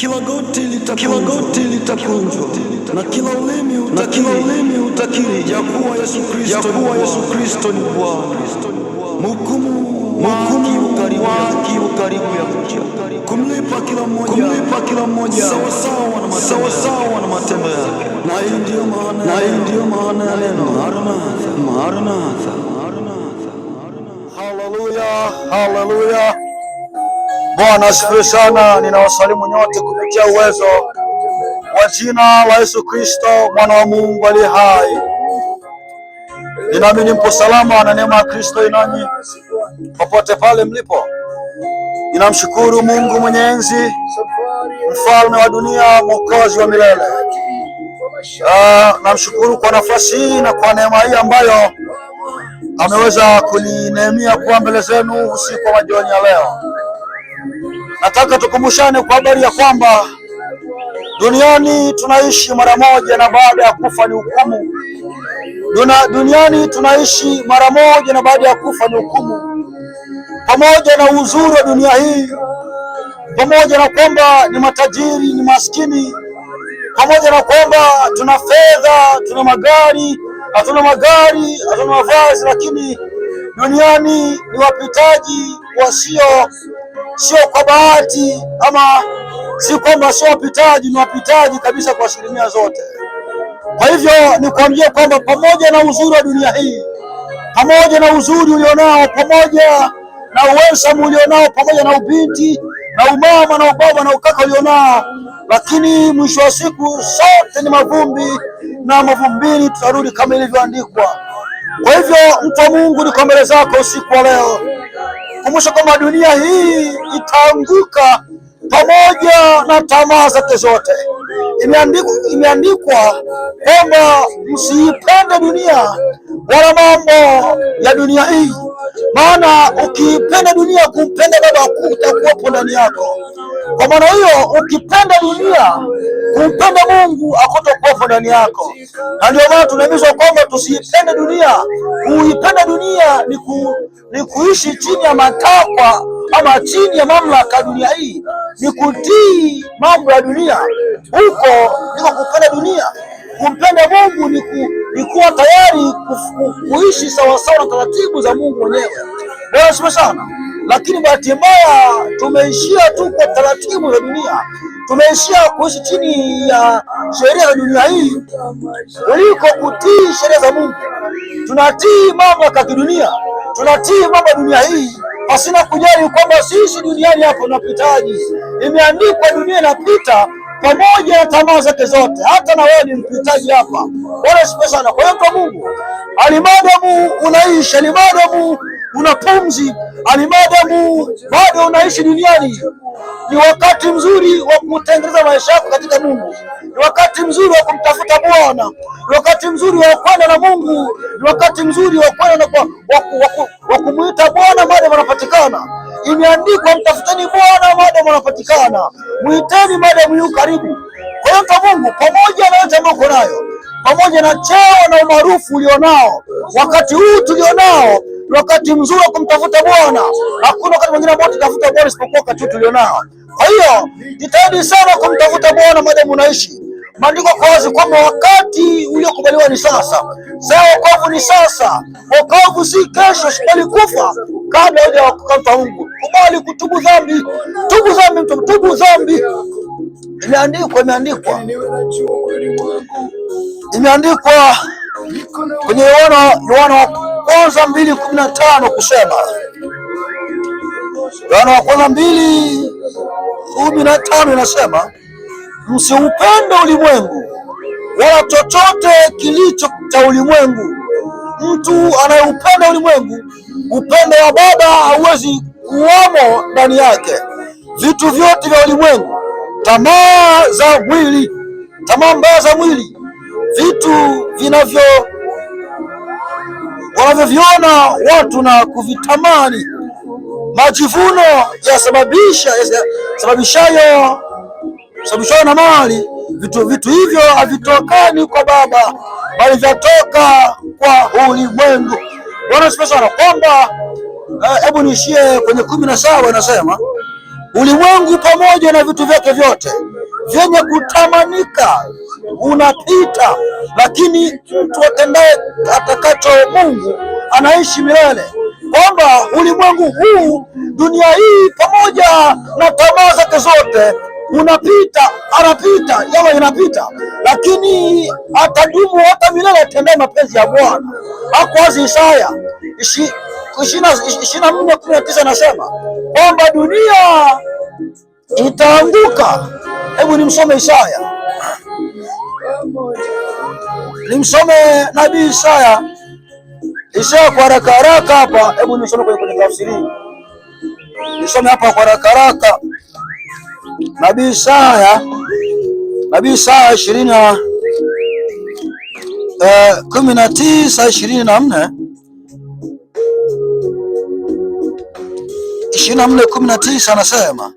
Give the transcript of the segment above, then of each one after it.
Kila goti litakunjwa na kila ulimi utakiri ya kuwa Yesu Kristo ni Bwana. Mhukumu waki ukaribu ya kuja kumlipa kila mmoja sawa na matendo yake. Na hii ndio maana ya neno Maranatha. Haleluya, haleluya. Bwana asifiwe sana. Ninawasalimu nyote kupitia uwezo wa jina la Yesu Kristo mwana wa Mungu aliye hai. Ninaamini mpo salama na neema ya Kristo inanyi popote pale mlipo. Ninamshukuru Mungu mwenye enzi, mfalme wa dunia, mwokozi wa milele. Uh, namshukuru kwa nafasi hii na kwa neema hii ambayo ameweza kunineemia kuwa mbele zenu usiku wa majioni ya leo. Nataka tukumbushane kwa habari ya kwamba duniani tunaishi mara moja na baada ya kufa ni hukumu. Duna, duniani tunaishi mara moja na baada ya kufa ni hukumu. Pamoja na uzuri wa dunia hii, pamoja na kwamba ni matajiri, ni maskini, pamoja na kwamba tuna fedha, tuna magari, hatuna magari, hatuna mavazi, lakini duniani ni wapitaji wasio sio kwa bahati ama si kwamba sio wapitaji, ni wapitaji kabisa kwa asilimia zote. Kwa hivyo nikwambie kwamba pamoja na uzuri wa dunia hii, pamoja na uzuri ulionao, pamoja na uwesamu ulionao, pamoja na ubinti na umama na ubaba na ukaka ulionao, lakini mwisho wa siku sote ni mavumbi na mavumbini tutarudi kama ilivyoandikwa. Kwa hivyo mtu wa Mungu, niko mbele zako usiku wa leo kumusha kwamba dunia hii itaanguka pamoja na tamaa zake zote. Imeandikwa, kwamba msiipende dunia wala mambo ya dunia hii, maana ukiipenda dunia, kumpenda Baba hakutakuwapo ndani yako. Kwa maana hiyo, ukipenda dunia, kumpenda Mungu hakutakuwapo ndani yako, na ndio maana tunaimizwa kwamba tusiipende dunia. Kuipenda dunia ni ku ni kuishi chini ya matakwa ama chini ya mamlaka ya dunia hii, ni kutii mambo ya dunia. Huko ndiko kupenda dunia. Kumpenda Mungu ni, ku, ni kuwa tayari kuishi sawasawa na taratibu za Mungu mwenyewe. Bwana sana. Lakini bahati mbaya tumeishia tu kwa taratibu za dunia, tumeishia kuishi chini ya sheria za dunia hii kuliko kutii sheria za Mungu. Tunatii mamlaka ya kidunia tunatii mambo dunia hii hasina kujali kwamba sisi duniani hapo tunapitaji. Imeandikwa dunia inapita pamoja na tamaa zake zote, hata na wewe ni mpitaji hapa. Bwana siku sana. Kwa hiyo kwa Mungu alimadamu unaishi, alimadamu una pumzi, alimadamu bado unaishi duniani, ni wakati mzuri wa kutengeneza maisha yako katika Mungu, ni wakati mzuri wa kumtafuta Bwana, ni wakati mzuri wa kwenda na Mungu, ni wakati mzuri wa kwenda na kwa wa kumuita Bwana maadamu anapatikana. Imeandikwa, mtafuteni Bwana maadamu anapatikana, muiteni maadamu yu karibu. Kwa hiyo mta Mungu, pamoja na yote ambayo uko nayo, pamoja na cheo na umaarufu ulionao, wakati huu tulionao ni wakati mzuri wa kumtafuta Bwana. Hakuna wakati mwingine ambao tutafuta Bwana isipokuwa wakati tulionao. Kwa hiyo jitahidi sana kumtafuta Bwana madamu unaishi. Maandiko kwa wazi kwamba wakati uliokubaliwa ni sasa. Saa wokovu ni sasa, wokovu si kesho. Sikubali kufa kabla hujakamta Mungu. Kubali kutubu dhambi, tubu dhambi, mtu tubu dhambi. Imeandikwa, imeandikwa, imeandikwa kwenye Yohana Yohana kwanza mbili kumi na tano kusema Yohana wa kwanza mbili kumi na tano inasema msiupende ulimwengu wala chochote kilicho cha ulimwengu. Mtu anayeupenda ulimwengu, upendo wa Baba hauwezi kuwamo ndani yake. Vitu vyote vya ulimwengu, tamaa za mwili, tamaa mbaya za mwili, vitu vinavyo wanavyoviona watu na kuvitamani. Majivuno yasababisha sababishayo sababishayo na mali vitu, vitu hivyo havitokani kwa Baba bali vyatoka kwa ulimwengu. Bwana sana kwamba eh, hebu uh, niishie kwenye kumi na saba anasema ulimwengu pamoja na vitu vyake vyote vyenye kutamanika unapita lakini mtu atendaye atakacho Mungu anaishi milele, kwamba ulimwengu huu, dunia hii, pamoja na tamaa zake zote unapita, anapita, yawa inapita, lakini atadumu hata milele atendaye mapenzi ya Bwana. Ako wazi Isaya ishirini na nne kumi na tisa nasema kwamba dunia itaanguka. Hebu nimsome Isaya nimsome nabii Isaya. Isaya kwa haraka haraka hapa, hebu nisome kwenye tafsiri, nisome hapa kwa haraka haraka, nabii Isaya, nabii Isaya ishirini na eh, kumi na tisa ishirini na nne ishirini na nne kumi na tisa anasema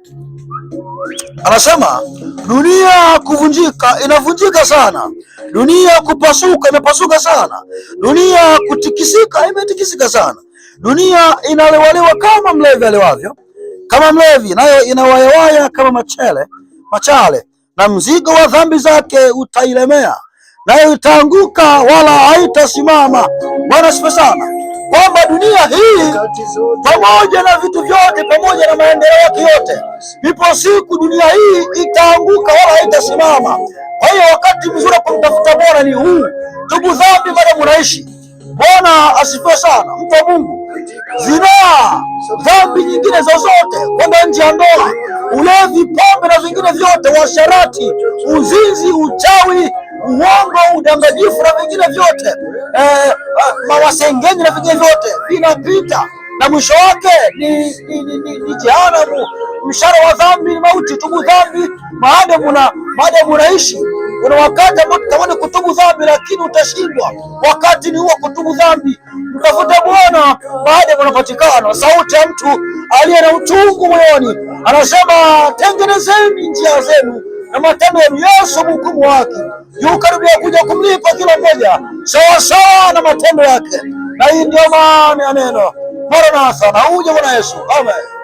anasema Dunia kuvunjika inavunjika sana, dunia kupasuka imepasuka sana, dunia kutikisika imetikisika sana, dunia inalewalewa kama mlevi alewavyo, kama mlevi nayo inawayawaya kama machele machale, na mzigo wa dhambi zake utailemea, nayo itaanguka wala haitasimama. Bwana sifa sana kwamba dunia hii pamoja na vitu vyote pamoja na maendeleo yake yote, ipo siku dunia hii itaanguka wala haitasimama. Kwa hiyo wakati mzuri wa kumtafuta Bwana ni huu. Tubu dhambi bado munaishi Bwana asifiwe sana, mtu wa Mungu. Zinaa, dhambi nyingine zozote, kwenda nje ya ndoa, ulevi, pombe na vingine vyote, washarati uzinzi, uchawi uongo, udanganyifu na vingine vyote eh, ah, mawasengenyi na vingine vyote vinapita na mwisho wake ni, ni, ni, ni, ni jehanamu. Mshahara wa dhambi ni mauti. Tubu dhambi maadamu unaishi. Kuna wakati ambao tutamani kutubu dhambi, lakini utashindwa. Wakati ni huo kutubu dhambi, mtafute Bwana maadamu unapatikana. Sauti ya mtu aliye na utungu moyoni anasema, tengenezeni njia zenu na matendo ya Yesu mhukumu wake, yukaribia kuja kumlipa kila mmoja sawasawa na matendo yake. Na hii ndio maana ya neno Maranatha, na uje Bwana Yesu. Amen.